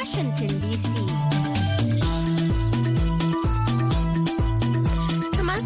Washington DC.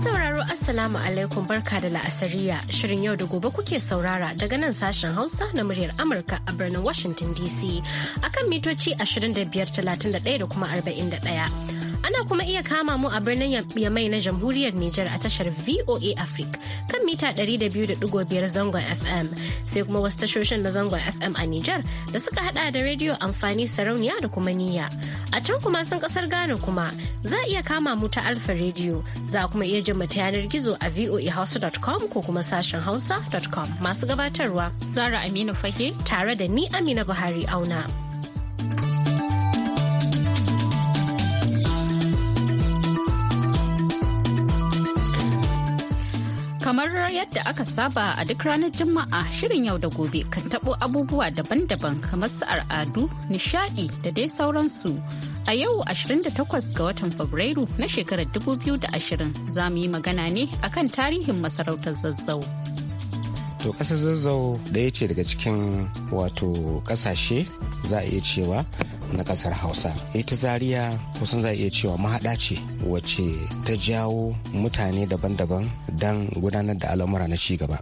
sauraro Assalamu alaikum barka da la'asariya shirin yau da gobe kuke saurara daga nan sashen Hausa na muryar Amurka a birnin Washington DC akan mitoci 25, 31 da kuma 41. Ana kuma iya kama mu a birnin Yamai na Jamhuriyar Nijar a tashar VOA Africa kan mita 200.5 zangon FM sai kuma wasu tashoshin na zangon FM a Nijar da suka hada da rediyo amfani sarauniya da kuma niyya. A can kuma sun kasar Ghana kuma za a iya kama mu ta Alfa rediyo za kuma iya jin ta yanar gizo a voahausa.com ko kuma sashen hausa.com masu gabatarwa Zara Aminu Fage tare da ni Amina Buhari Auna. Kamar yadda aka saba a duk ranar Juma'a shirin yau da gobe kan tabo abubuwa daban-daban kamar su al'adu, nishadi da dai sauransu. A yau 28 ga watan Fabrairu na shekarar 2020 za mu yi magana ne akan tarihin masarautar zazzau. To kasar zazzau ya ce daga cikin wato ƙasashe za a iya cewa na kasar hausa ita zaria kusan za iya cewa mahaɗa ce wacce ta jawo mutane daban-daban don gudanar da al'amura na ci gaba.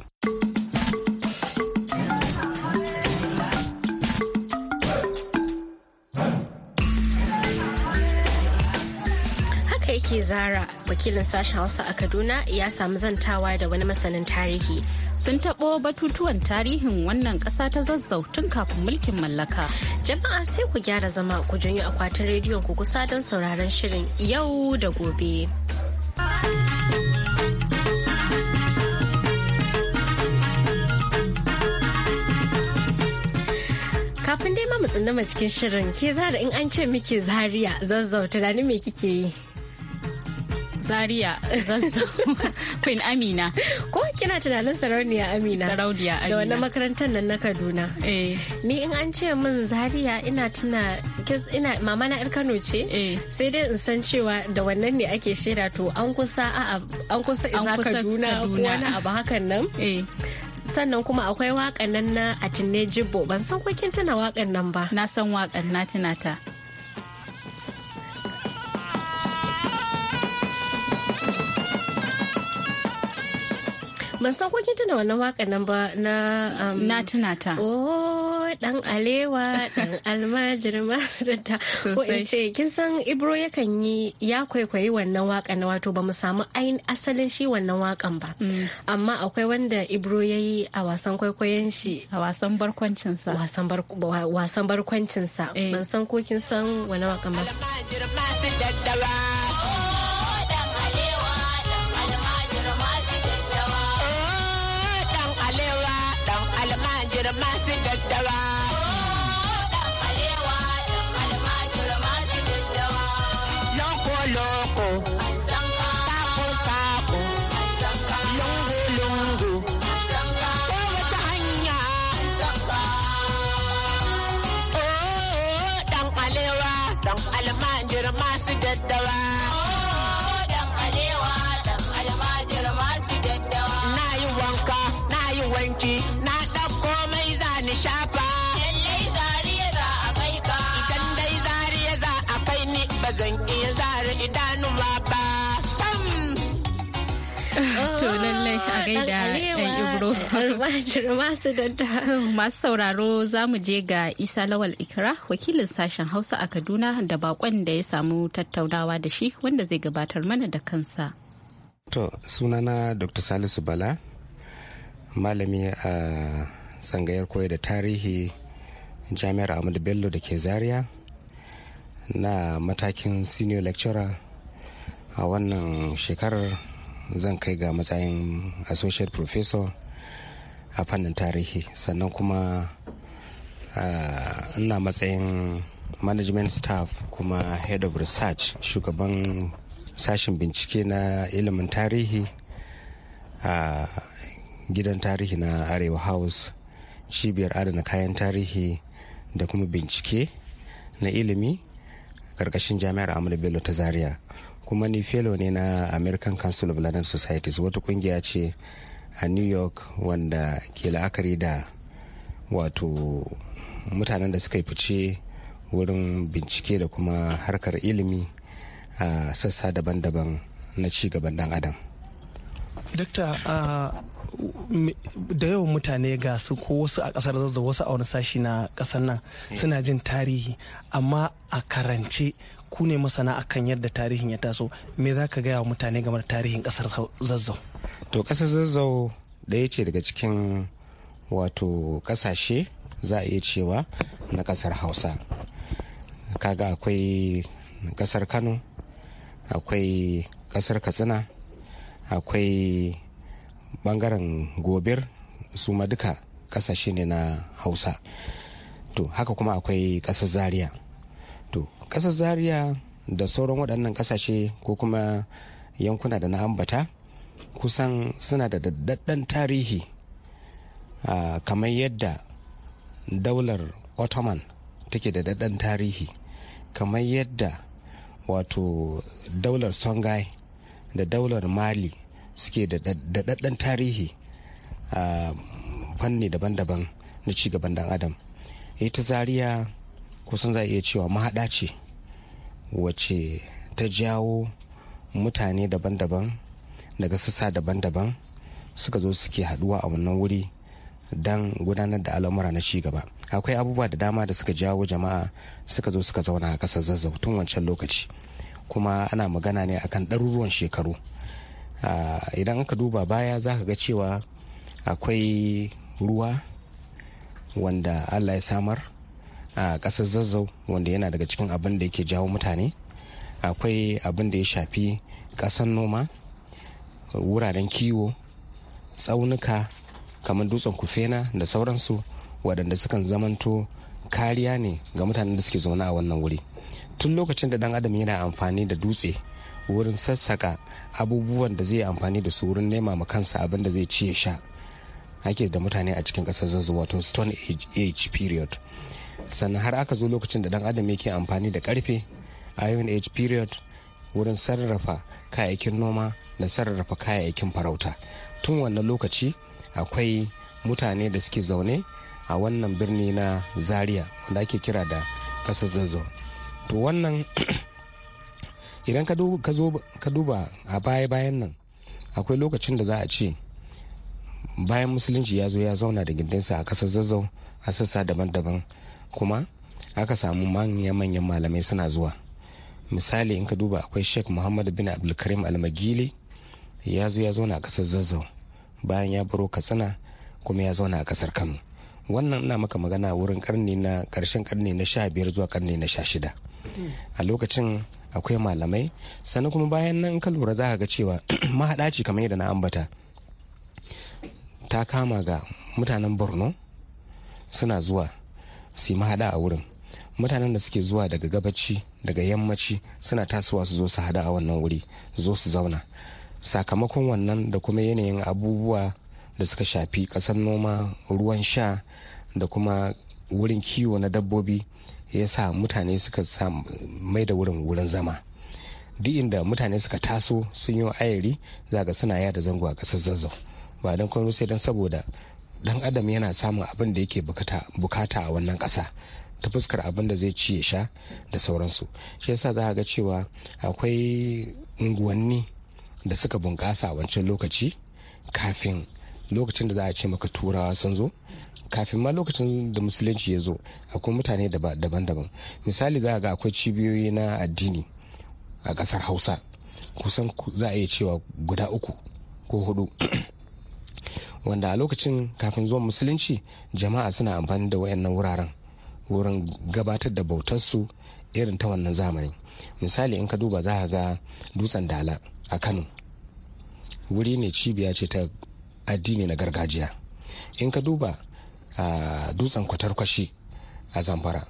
Zaki Zara wakilin sashen Hausa a Kaduna ya samu zantawa da wani masanin tarihi. Sun taɓo batutuwan tarihin wannan ƙasa ta zazzau tun kafin mulkin mallaka. Jama'a sai ku gyara zama ku janyo akwatin rediyon ku kusa don sauraron shirin yau da gobe. kafin dai ma mu cikin shirin ke zara in an ce miki zaria zazzau tunanin me kike yi Zaria Zazzau Queen Amina. Ko kina tunanin sarauniya Amina? Sarauniya Amina. Da wannan makarantar nan na Kaduna. Eh. Ni in an ce min Zaria ina tuna ina mama na Kano ce. Eh. Sai dai in san cewa da wannan ne ake shaida to an kusa a'a an kusa isa Kaduna ko wani abu hakan nan. Eh. sannan kuma akwai waƙan nan na Tunne jibbo ban san kwakin tana waƙan nan ba na san waƙan na tunata ban san ko tuna wannan wakan nan ba na um, na tuna ta oh dan alewa dan almajirma masarta ko in ce kin san ibro yakan yi ya kwaikwayi wannan wakan na wato bamu samu ainihin asalin shi wannan wakan ba mm. amma akwai wanda ibro ya yi a wasan kwaikwayon shi a wasan barkwancinsa wasan barkwancinsa eh. ban san ko kin san wannan wakan ba masu daddawa. Oh, dan alewa, dan almajir masu daddawa. Na yi wanka, na yi wanki, na ɗauko mai shafa. Lallai zariya za a kai ka. Idan dai zariya za a kai ni ba zan iya zara idanuwa ba. To lallai a oh, gaida. sauraro masu sauraro za mu je ga isa lawal ikra wakilin sashen hausa a kaduna da bakon da ya samu tattaunawa da shi wanda zai gabatar mana da kansa to sunana dr salisu bala malami a tsangayar koyar da tarihi jami'ar ahmadu bello da ke zaria na matakin senior lecturer a wannan shekarar zan kai ga matsayin associate professor a fannin tarihi sannan kuma eh, ina matsayin management staff kuma head of research shugaban sashen bincike na ilimin tarihi a gidan tarihi na arewa house cibiyar adana kayan tarihi da kuma bincike na ilimi karkashin jami'ar amadu bello ta zaria kuma ni felo ne na american council of learned societies wata kungiya ce a new york wanda ke la'akari da wato mutanen da suka yi fice wurin bincike da kuma harkar ilimi a sassa daban-daban na cigaban dan adam dakta da yawan mutane ga su ko wasu a kasar da wasu a wani sashi na kasar nan hmm. suna jin tarihi amma a karance ku ne masana akan yadda tarihin ya taso me za ka gaya wa mutane game da tarihin kasar zazzau to kasar zazzau ɗaya ce daga cikin wato kasashe za a iya cewa na kasar hausa kaga akwai kasar kano akwai kasar katsina akwai bangaren gobir su ma duka kasashe ne na hausa to haka kuma akwai kasar zaria ƙasar zaria da sauran waɗannan ƙasashe ko kuma yankuna da na ambata kusan suna da daddaɗɗan tarihi kamar yadda daular ottoman take da daddaɗɗan tarihi kamar yadda wato daular songhai da daular mali suke da daɗaɗɗen tarihi a fanni daban-daban na cigaban dan adam ita zaria kusan za a iya cewa mahaɗa ce wace ta jawo mutane daban-daban daga sassa daban-daban suka zo suke haduwa a wannan wuri don gudanar da al'amura na ci gaba akwai abubuwa da dama da suka jawo jama'a suka zo suka zauna a kasar zazzau tun wancan lokaci kuma ana magana ne akan ɗaruruwan shekaru idan aka duba baya za ka ga cewa akwai ruwa wanda allah ya samar a ƙasar zazzau wanda yana daga cikin abin da yake jawo mutane akwai abin da ya shafi kasan noma wuraren kiwo tsaunuka kamar dutsen kufena da sauransu waɗanda sukan zamanto kariya ne ga mutanen da suke zaune a wannan wuri tun lokacin da dan adam yana amfani da dutse wurin sassaka abubuwan da zai amfani da su wurin nema ma kansa abin da zai ci ya sha ake da mutane a cikin ƙasar zazzau wato stone age period sannan har aka zo lokacin da dan adam yake amfani da karfe iron age period wurin sarrafa kayayyakin noma da sarrafa kayayyakin farauta tun wannan lokaci akwai mutane da suke zaune a wannan birni na zaria wanda ake kira da kasar zazzau to wannan idan ka duba a baya-bayan nan akwai lokacin da za a ce bayan musulunci ya zo ya zauna da gindinsa a kasar zazzau a sassa daban-daban kuma aka samu manyan malamai suna zuwa misali in ka duba akwai sheikh muhammad bin abdulkarim almagili ya zo ya zauna a kasar zazzau bayan ya baro katsina kuma ya zauna a kasar kano wannan ina maka magana wurin karni na karshen karni na sha biyar zuwa karni na sha shida a lokacin akwai malamai sannan kuma bayan nan ka lura za ga cewa mahaɗaci ce kamar yadda na ambata ta kama ga mutanen borno suna zuwa su mahada a wurin mutanen da suke zuwa daga gabaci daga yammaci suna tasowa su zo su hada a wannan wuri zo su zauna sakamakon wannan da kuma yanayin abubuwa da suka shafi kasar noma ruwan sha da kuma wurin kiwo na dabbobi ya sa mutane suka mai da wurin wurin zama duk inda mutane suka taso sun yi ayari zaga suna yada zango a kasar zazzau ba don kuma sai don saboda dan adam yana samun abin da yake bukata a wannan ƙasa ta fuskar abin da zai ci ya sha da sauransu shi yasa za ga cewa akwai unguwanni da suka bunƙasa a wancan lokaci kafin lokacin da za a ce maka turawa sun zo kafin ma lokacin da musulunci ya zo akwai mutane daban-daban misali za a ga akwai cibiyoyi na addini a ƙasar hausa kusan za a iya cewa guda uku ko hudu wanda a lokacin kafin zuwan musulunci jama'a suna amfani da wayannan wuraren wurin gabatar da bautarsu irin ta wannan zamani misali in ka duba za ga dutsen dala a kano wuri ne cibiya ce ta addini na gargajiya in ka duba a dutsen kwatarkwashi a zamfara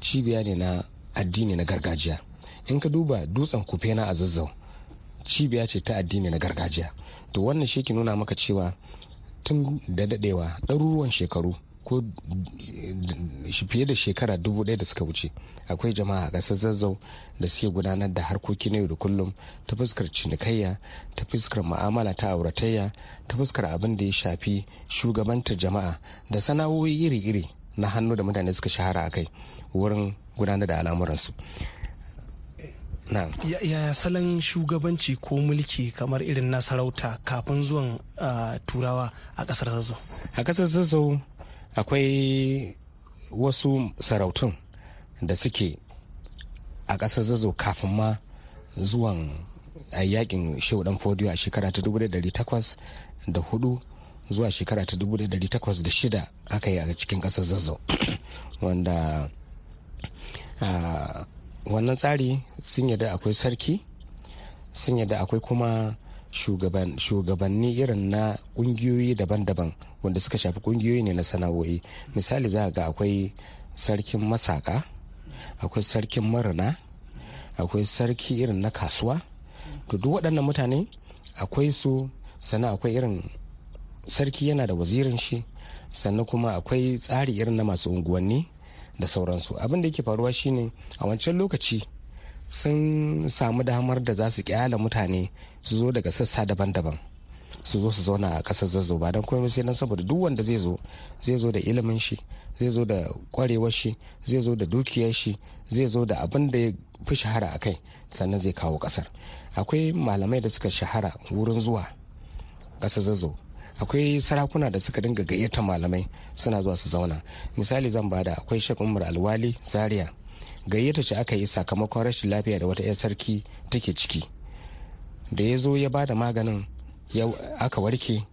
cibiya ne na addini na gargajiya in ka duba dutsen kufe na a zazzau cibiya ce ta addini na gargajiya to wannan shi ke nuna maka cewa tun da dadewa ɗaruruwan shekaru ko fiye da shekara dubu ɗaya da suka wuce akwai jama'a a ƙasar zazzau da suke gudanar da harkoki na yau da kullum ta fuskar cinikayya ta fuskar mu'amala ta auratayya ta fuskar abin da ya shafi shugabantar jama'a da sana'o'i iri-iri na hannu da mutane suka shahara a kai wurin gudanar da al'amuransu yaya salon shugabanci ko mulki kamar irin na sarauta kafin zuwan turawa a kasar zazzau a kasar zazzau akwai wasu sarautun da suke a kasar zazzau kafin ma zuwan a yakin shehu fodiyo a shekara ta 1804 zuwa shekara ta 1806 aka yi a cikin kasar zazzau wanda wannan tsari sun yarda akwai sarki sun yarda akwai kuma shugabanni irin na kungiyoyi daban-daban wanda suka shafi kungiyoyi ne na sana'o'i misali za ga akwai sarkin masaka akwai sarkin marina akwai sarki irin na kasuwa to duk waɗannan mutane akwai su sannan akwai irin sarki yana da wazirin shi sannan kuma akwai tsari irin na masu unguwanni da sauransu abin da yake faruwa shine a wancan lokaci sun samu damar da za su kyala mutane su zo daga sassa daban-daban su zo su zauna a kasar zazzau ba don komai sai nan saboda duk wanda zai zo zai zo da ilimin shi zai zo da kwarewar shi zai zo da dukiyar shi zai zo da abin da ya fi shahara a kai sannan zai kawo kasar akwai malamai da suka shahara wurin zuwa kasar zazzau akwai sarakuna da suka dinga gayyata malamai suna zuwa su zauna misali zan bada akwai shek umar alwali zaria gayyata shi aka yi sakamakon rashin lafiya da wata 'yar sarki take ciki da ya zo ya bada maganin aka warke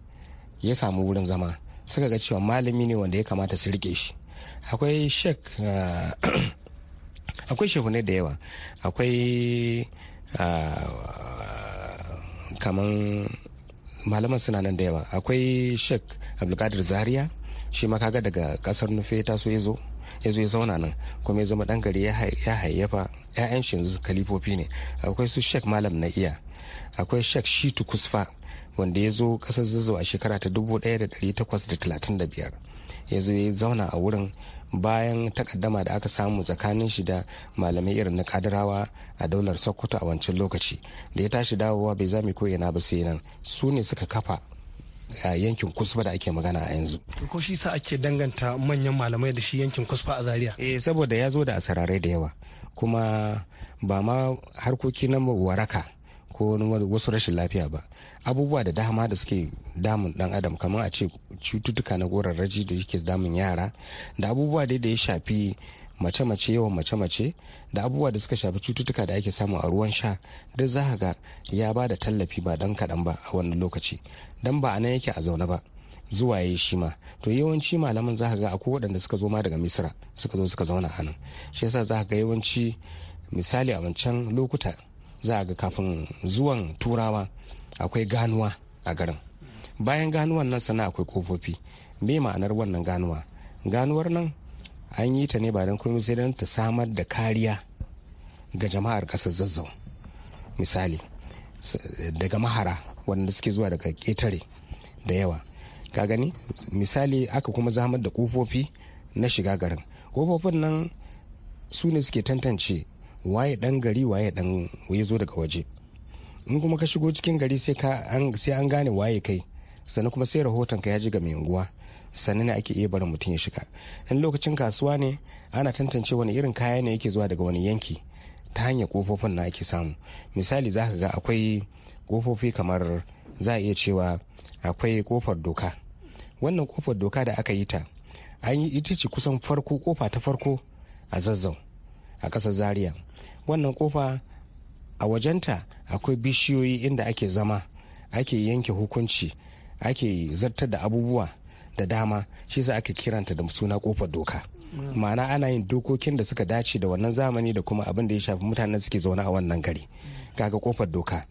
ya samu wurin zama suka ga cewa malami ne wanda ya kamata su rike shi akwai shek ah, akwai shehunai da yawa akwai ah, kaman malaman suna nan da yawa akwai sheik abdulkadir zaria shi ma kaga daga kasar nufe ta so ya zo ya zo ya zauna nan kuma ya zama dan gari ya hayyafa ya'yan shi yanzu kalifofi ne akwai su sheik malam na iya akwai sheik shitu kusfa wanda ya zo kasar zazzau a shekara ta 1835 ya zo ya zauna a wurin bayan takaddama da aka samu tsakanin shi da malamai irin na kadarawa a daular sokoto a wancan lokaci da ya tashi dawowa bai zami ko yana ba sai nan su ne suka kafa a yankin kusfa da ake magana a yanzu. ko shi sa ake danganta manyan malamai da shi yankin kusfa a zaria. eh saboda ya zo da asararai da yawa kuma ba ma harkoki na waraka ko wasu rashin lafiya ba abubuwa da dama da suke damun dan adam kamar a ce cututtuka na raji da yake damun yara da abubuwa dai da ya shafi mace-mace yawan mace-mace da abubuwa da suka shafi cututtuka da ake samu a ruwan sha duk za ga ya ba da tallafi ba dan kaɗan ba a wannan lokaci dan ba a nan yake a zaune ba zuwa ya shi ma to yawanci malaman za ga akwai waɗanda suka zo ma daga misira suka zo suka zauna a nan shi yasa za ga yawanci misali a wancan lokuta za a ga kafin zuwan turawa akwai ganuwa a garin bayan ganuwan nan sana akwai kofofi me ma'anar wannan ganuwa ganuwar nan an yi ta ne ba don komai sai don ta samar da kariya ga jama'ar kasar zazzau misali daga mahara wanda suke zuwa daga ƙetare da yawa ka gani misali aka kuma zamar da kofofi na shiga garin kofofin nan su ne suke tantance waye dan gari waye dan waye zo daga waje in kuma ka shigo cikin gari sai an gane waye kai sannan kuma sai rahoton ka ya ji ga mai unguwa sannan ne ake iya barin mutum ya shiga in lokacin kasuwa ne ana tantance wani irin kaya ne yake zuwa daga wani yanki ta hanyar kofofin na ake samu misali za ka ga akwai kofofi kamar za a iya cewa akwai kofar doka wannan kofar doka da aka yi ta an yi ita ce kusan farko kofa ta farko a zazzau a ƙasar zaria wannan kofa a wajenta akwai bishiyoyi inda ake zama ake yanke hukunci ake zartar da abubuwa da dama shi sa aka kiranta da suna kofar doka mm. ma'ana ana yin dokokin da suka dace da wannan zamani da kuma abin da ya shafi mutanen suke zaune a wannan gari mm. kaga kofar doka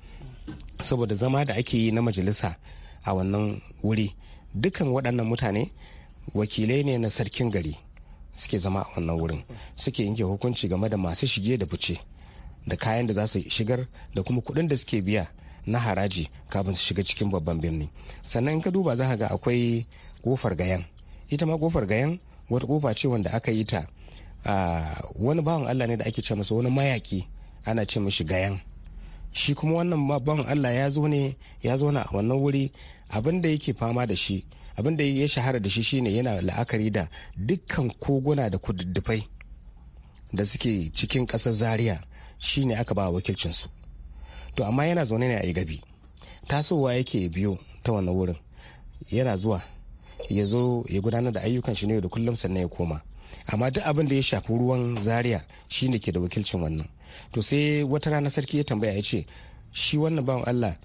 saboda zama da ake yi na majalisa a wannan wuri dukan waɗannan mutane wakilai ne na sarkin gari suke zama a wannan wurin suke yanke hukunci game da masu shige da fice da kayan da za su shigar da kuma kuɗin da suke biya na haraji kafin su shiga cikin babban birni sannan ka duba za ka ga akwai kofar gayan ita ma kofar gayan wata kofa ce wanda aka yi ta wani bawan allah ne da ake ce masa wani mayaki ana ce mashi gayan shi kuma wannan bawan allah ya zo ne ya zo na a wannan wuri abin da yake fama da shi abin da ya shahara da shi shine yana la'akari da dukkan koguna da kududdufai da suke cikin ƙasar zaria shine aka ba wakilcinsu to amma yana zaune ne a gabi tasowa yake biyo ta wannan wurin yana zuwa ya zo ya gudanar da ayyukan shi ne da kullum sannan ya koma amma duk abin da ya shafi ruwan zaria shine ke da wakilcin wannan to sai wata rana sarki ya tambaya ya ce shi wannan bawan allah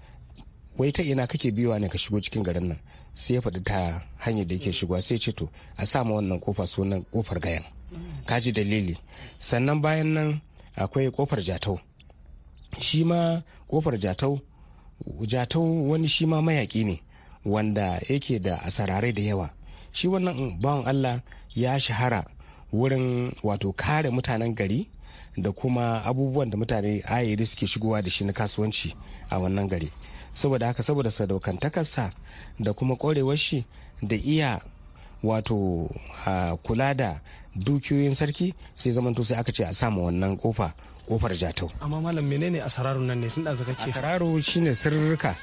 wai ta ina kake biyowa ne ka shigo cikin garin nan sai ya faɗi ta hanyar da yake mm. shigowa sai ce to a sa ma wannan kofa sunan kofar gayan mm. kaji dalili sannan bayan nan akwai kofar jatau shi ma kofar jatau jatau wani shi ma mayaƙi ne wanda yake da asararai da yawa shi wannan bawan allah ya shahara wurin wato kare mutanen gari da kuma abubuwan da mutane ayiri suke shigowa da shi na kasuwanci a wannan gari saboda haka saboda sadaukantakarsa da kuma korewar shi da iya wato kula da dukiyoyin sarki sai zamanto sai aka ce a sama wannan kofa kofar jatau amma malam menene asararun nan ne tun da zaka ce asararu shine sirrika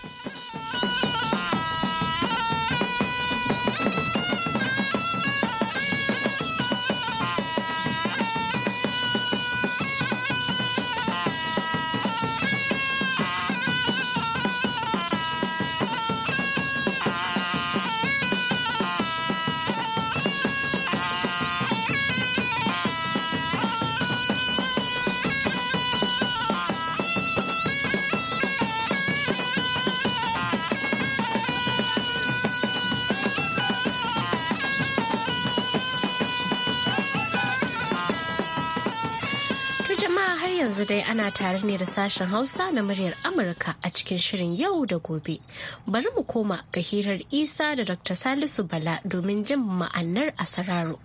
yanzu dai ana tare ne da sashen Hausa na muryar Amurka a cikin shirin yau da gobe. Bari mu koma ga hirar Isa da Dr. Salisu Bala domin jin ma'anar asararo.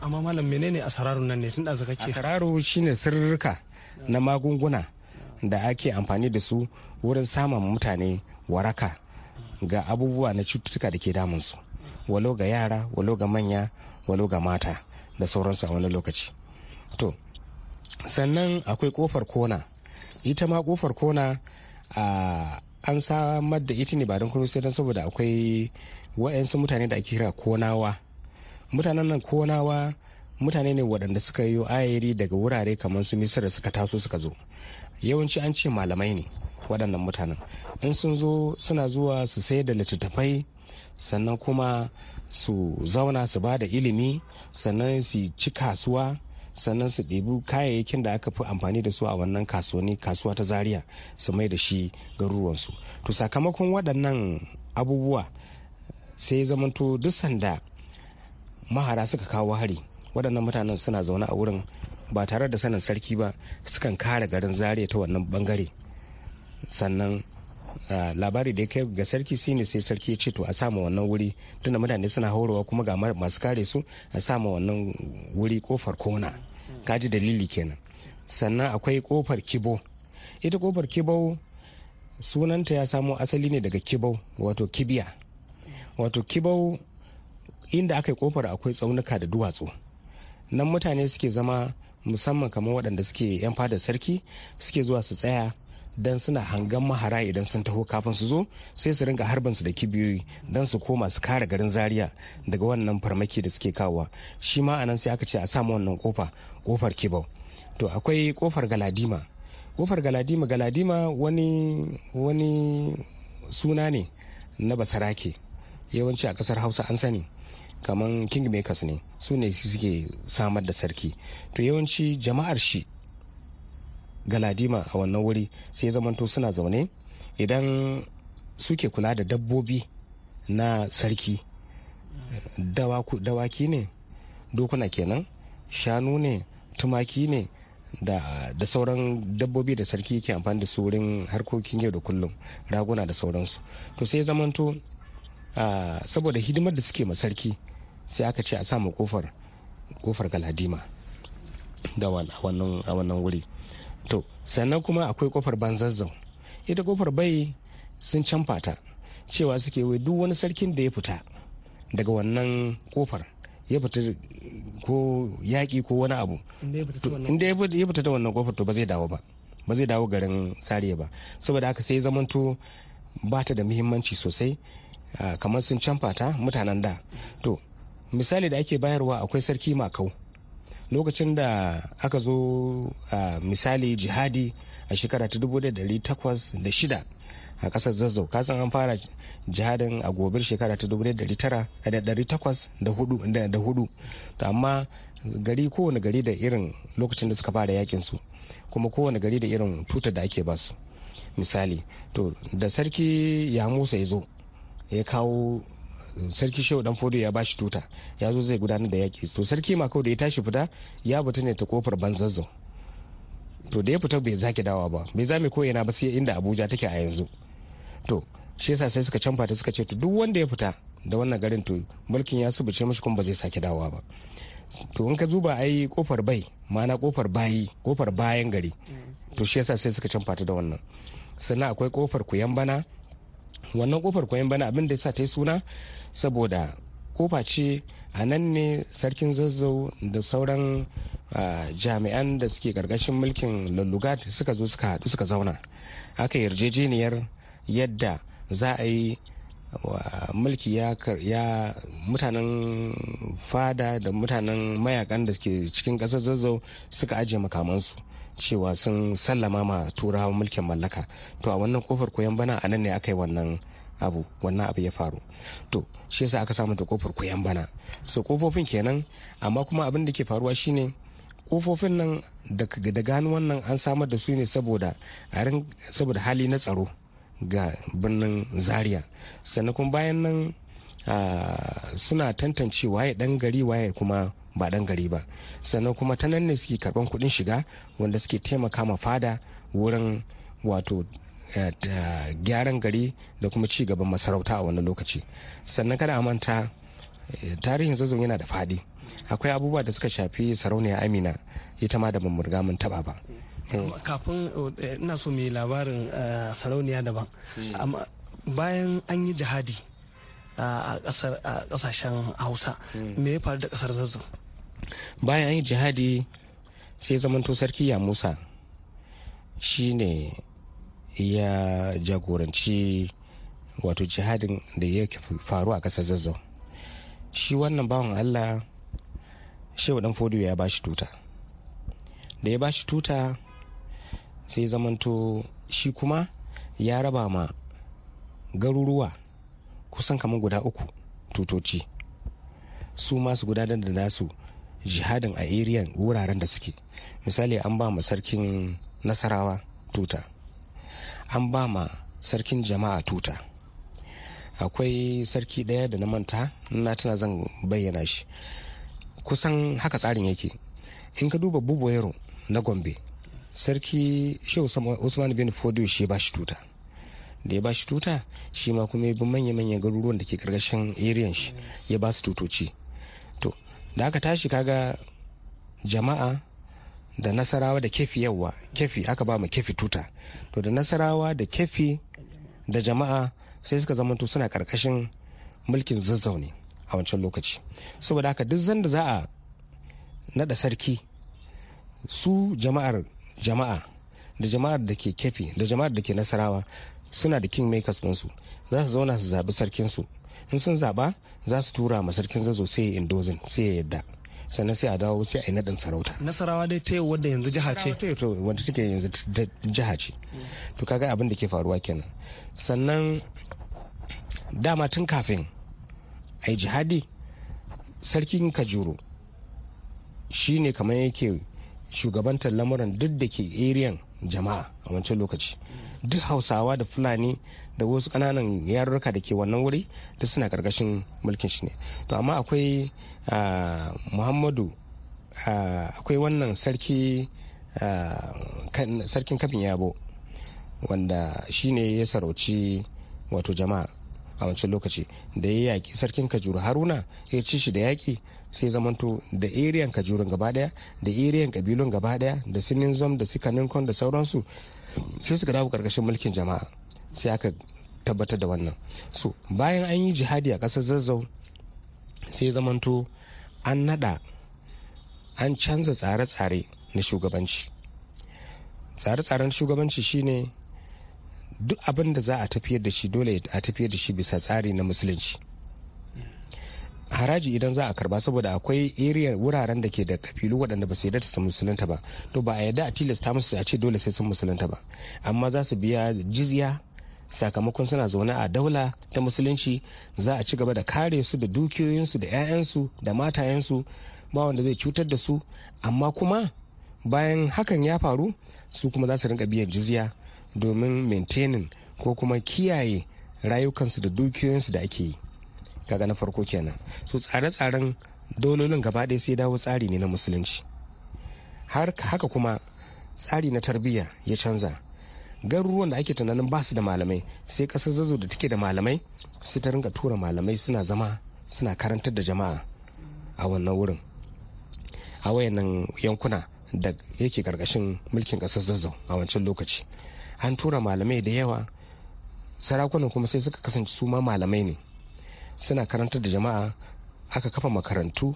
Amma malam menene asararo nan ne tun da kake? Asararo shine sirrika na magunguna da ake amfani da su wurin samun mutane waraka ga abubuwa na cututtuka da ke su Walo ga yara, walo ga manya, walo ga mata da sauransu a wani lokaci. To, sannan akwai kofar kona ita ma kofar kona a an samar da ita ne ba don kuma sai don saboda akwai wa'yansu mutane da ake kira konawa mutanen nan konawa mutane ne waɗanda suka yi ayari daga wurare kamar su misira suka taso suka zo yawanci an ce malamai ne waɗannan mutanen in sun zo suna zuwa su sayar da littattafai sannan kuma su zauna su ba da ilimi sannan su ci kasuwa sannan su ɗebi kayayyakin da aka fi amfani da su a wannan kasuwanni kasuwa ta zaria su mai da shi garuruwansu to sakamakon waɗannan abubuwa sai zamanto duk sanda mahara suka kawo hari waɗannan mutanen suna zaune a wurin ba tare da sanin sarki ba sukan kare garin zaria ta wannan bangare sannan Ah, labari da ya kai ga sarki sine sai sarki ya ce to a sama wannan wuri tunda mutane suna horowa kuma ga masu kare su a sama wannan wuri kofar kona kaji dalili kenan sannan akwai kofar kibo ita kofar kibo sunanta ya samo asali ne daga kibau wato kibiya wato kibau inda aka yi kofar akwai tsaunuka da duwatsu nan mutane suke zama musamman kamar waɗanda suke 'yan fada sarki suke zuwa su tsaya don suna hangen mahara idan sun taho kafin su zo sai su ringa harbin su da kibiyoyi don su koma su kare garin zaria daga wannan farmaki da suke kawowa shi ma anan sai aka ce a samu wannan kofa kofar kibau to akwai kofar galadima kofar galadima galadima wani wani suna ne na basarake yawanci a kasar hausa an sani kamar kingmakers ne su ne suke samar da sarki to yawanci jama'ar shi galadima a wannan wuri sai zamanto suna zaune idan suke kula da dabbobi na sarki dawaki ne dokuna kenan shanu ne tumaki ne da, sauran dabbobi da sarki yake amfani da su wurin harkokin yau da kullum raguna da sauransu to sai zamanto saboda hidimar da suke ma sarki sai aka ce a samu kofar kofar galadima da a wannan wuri to sannan kuma akwai kofar zazzau ita kofar bai sun canfa ta cewa suke wai duk wani sarkin da ya fita daga wannan kofar ya fita ko yaƙi ko wani abu inda ya fita ta wannan kofar to ba zai dawo ba ba zai dawo garin tsariya ba saboda haka sai zamanto ba ta da muhimmanci sosai ah, kamar sun canfa ta mutanen da to misali da ake bayarwa akwai sarki makau lokacin da aka zo a misali jihadi a shekara ta shida a kasar zazzau kasan an fara jihadin a gobir shekara ta hudu. to amma gari kowane gari da irin lokacin da suka fara yakin su kuma kowane gari da irin tutar da ake basu misali to da sarki ya musa ya zo ya kawo sarki shehu dan fodo ya bashi tuta ya zo zai gudanar da yaki to sarki mako da ya tashi fita ya fita ne ta kofar banzazzo to da ya fita bai zaki dawa ba bai zame ko yana ba sai inda abuja take a yanzu to shi yasa sai suka canfa ta suka ce to duk wanda ya fita da wannan garin to mulkin ya subuce mashi kuma ba zai sake dawa ba to in ka zuba ai kofar bai ma'ana kofar bayi kofar bayan gari mm. to shi yasa sai suka canfa ta da wannan sannan akwai kofar kuyan bana wannan kofar koyon bana abin da ya sa ta yi suna saboda kofa ce a nan ne sarkin zazzau da sauran jami'an da suke karkashin mulkin lullugat suka zo suka haɗu suka zauna aka yarjejeniyar yadda za a yi mulki ya mutanen fada da mutanen mayakan da suke cikin ƙasar zazzau suka ajiye makamansu cewa sun sallama ma turawan mulkin mallaka to a wannan kofar koyan bana a nan ne aka yi wannan abu wannan abu ya faru to shi yasa aka samu da kofar koyan bana so kofofin kenan amma kuma abin da ke faruwa shine kofofin nan da gano wannan an samar da su ne saboda saboda hali na tsaro ga birnin zaria sannan kuma bayan nan suna tantance waye dan gari waye kuma ba dan gari ba sannan kuma ta nan ne suke karban kuɗin shiga wanda suke taimaka ma fada wurin wato eh, gyaran gari da kuma ci gaban masarauta a wani lokaci sannan kada a manta eh, tarihin zazzau yana da faɗi akwai abubuwa da suka shafi sarauniya amina ita ma da ban mun taba ba eh. kafin ina so mai labarin sarauniya daban hmm. bayan an yi jihadi a kasashen hausa hmm. me ya faru da kasar zazzau bayan an yi jihadi sai zamanto sarki ya musa shi ne ya jagoranci wato jihadin da ya faru a kasar zazzau shi wannan bawan allah shehu dan fodo ya bashi tuta da ya bashi tuta sai zamanto shi kuma ya raba ma garuruwa kusan kamar guda uku tutoci su masu gudanar da nasu jihadin a eriyan wuraren da suke misali an ba ma sarkin nasarawa tuta an ba ma sarkin jama'a tuta akwai sarki ɗaya da na manta na tana zan bayyana shi kusan haka tsarin yake in ka duba Yaro na gombe sarki shehu usman bin fodiyo shi ba shi tuta da ya ba shi tuta shi ma kuma ya bi manya-manyan garuruwan da ke karkashin ariyan shi ya ba su tutoci to da aka tashi kaga jama'a da nasarawa da kefi yawa kefi aka ba mu kefi tuta to da nasarawa da kefi da jama'a sai suka zamanto suna karkashin mulkin zazzaune a wancan lokaci saboda haka duk zanda za a nada sarki su jama'ar jama'a da jama'ar da ke kefi da jama'ar da ke nasarawa suna da makers ɗinsu za su zauna su zaɓi sarkinsu in sun zaɓa za su tura ma sarkin zazo sai ya indozin sai ya yadda sannan sai a dawo sai a yi naɗin sarauta nasarawa dai ta wanda yanzu jiha ce wanda take yanzu jiha ce to kaga abin da ke faruwa kenan sannan dama tun kafin a yi jihadi sarkin kajuru shi ne kamar yake shugabantar lamuran duk da ke eriyan jama'a a wancan lokaci duk hausawa da fulani da wasu kananan yarurruka da ke wannan wuri duk suna karkashin mulkin shi ne to amma akwai muhammadu akwai wannan sarki sarkin kafin yabo wanda ne ya sarauci wato jama'a a wancan lokaci da ya yaki sarkin kajuru haruna ya ci shi da yaki sai zamanto da eriyan kajurun gaba daya da eriyan kabilun gaba daya da sinin zom da sikaninkon da sauransu sai suka dawo karkashin mulkin jama'a sai aka tabbatar da wannan so bayan an yi jihadi a kasar zazzau sai zamanto an nada an canza tsare-tsare na shugabanci tsare-tsaren shugabanci shine duk abin da za a tafiyar da shi dole a tafiyar da shi bisa tsari na musulunci haraji idan za a karba saboda akwai area wuraren da ke da kafilu waɗanda ba su yarda su musulunta ba to ba a yarda a tilasta musu a ce dole sai sun musulunta ba amma za su biya jizya sakamakon suna zaune a daula ta musulunci za a ci gaba da kare su da dukiyoyinsu da 'ya'yansu da matayensu ba wanda zai cutar da su amma kuma bayan hakan ya faru su kuma za su rinka biyan jizya domin maintaining ko kuma kiyaye rayukansu da dukiyoyinsu da ake yi kaga na farko kenan su tsare-tsaren dololin gaba ɗaya sai dawo tsari ne na musulunci haka kuma tsari na tarbiyya ya canza garuruwan da ake tunanin ba su da malamai sai ƙasar zazo da take da malamai sai ta ringa tura malamai suna zama suna karantar da jama'a a wannan wurin a wayannan yankuna da yake ƙarƙashin mulkin ƙasar zazzau a wancan lokaci an tura malamai da yawa sarakunan kuma sai suka kasance su ma malamai ne suna karantar da jama'a aka kafa makarantu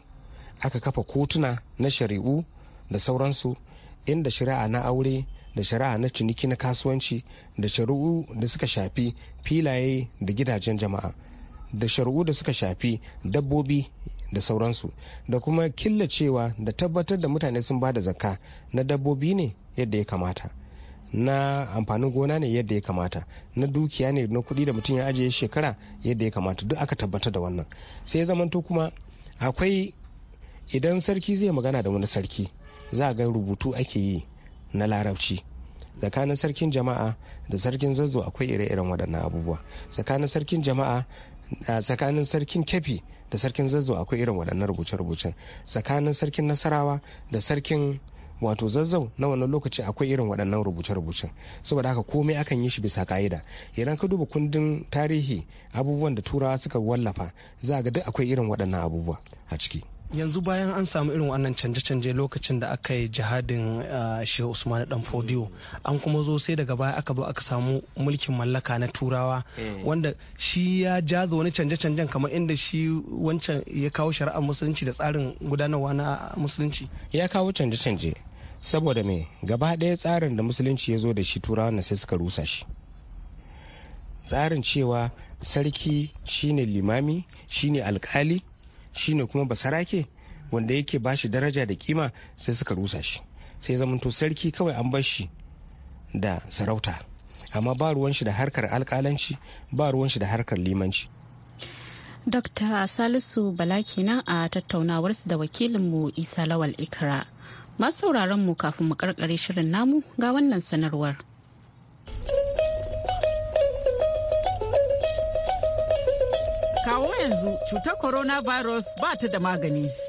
aka kafa kotuna na shari'u da sauransu inda shari'a na aure da shari'a na ciniki na kasuwanci da shari'u da suka shafi filaye da gidajen jama'a da shari'u da suka shafi dabbobi da sauransu da kuma killacewa da tabbatar da mutane sun ba da zakka na dabbobi ne yadda ya kamata na amfanin gona ne yadda ya kamata na dukiya ne na kuɗi da mutum ya ajiye shekara yadda ya kamata duk aka tabbatar da wannan sai ya zamanto kuma akwai idan sarki zai magana da wani sarki za ga rubutu ake yi na larabci tsakanin sarkin jama'a da sarkin zazzo akwai ire-iren waɗannan abubuwa tsakanin sarkin jama'a tsakanin sarkin kefi da sarkin zazzo akwai irin waɗannan rubuce-rubucen tsakanin sarkin nasarawa da sarkin wato zazzau na wannan lokaci akwai irin waɗannan rubuce-rubucen saboda haka komai akan yi shi bisa ka'ida idan ka duba kundin tarihi abubuwan da turawa suka wallafa za ga duk akwai irin waɗannan abubuwa a ciki yanzu bayan an samu irin wannan canje-canje lokacin da aka yi jihadin ah, shehu usman dan fodiyo an kuma zo sai daga baya aka zo aka samu mulkin mallaka na turawa eh. wanda shi ya jaza wani canje-canjen kamar inda shi wancan ya kawo shari'ar musulunci da tsarin gudanarwa na musulunci ya kawo canje-canje saboda me gaba daya tsarin da musulunci ya zo da shi turawa na sai suka rusa shi tsarin cewa sarki shine limami shine alkali shine kuma basarake wanda yake ba shi daraja da kima sai suka rusa shi sai zamanto sarki kawai an bar shi da sarauta amma ba ruwan shi da harkar alkalanci ba ruwan shi da harkar limanci Dr. Salisu Bala kenan a tattaunawarsu da wakilinmu Isa Lawal Ikra. Masu sauraron mu kafin mu karkare shirin namu ga wannan sanarwar. kawo yanzu cutar coronavirus ba ta da magani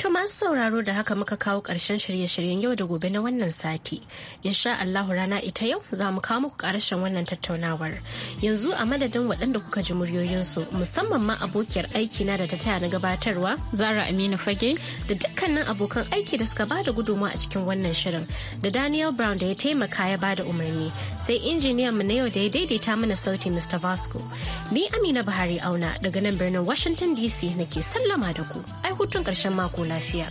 To masu sauraro da haka muka kawo ƙarshen shirye-shiryen yau da gobe na wannan sati. Insha Allahu rana ita yau za mu kawo muku ƙarshen wannan tattaunawar. Yanzu a madadin waɗanda kuka ji muryoyinsu musamman ma abokiyar aiki na da ta taya na gabatarwa Zara Aminu Fage da dukkanin abokan aiki da suka bada gudunmu a cikin wannan shirin da Daniel Brown da ya taimaka ya bada umarni sai injiniyan mu na yau da ya daidaita mana sauti Mr. Vasco. Ni Amina Buhari Auna daga nan birnin Washington DC nake sallama da ku. Ai hutun karshen mako lafiya.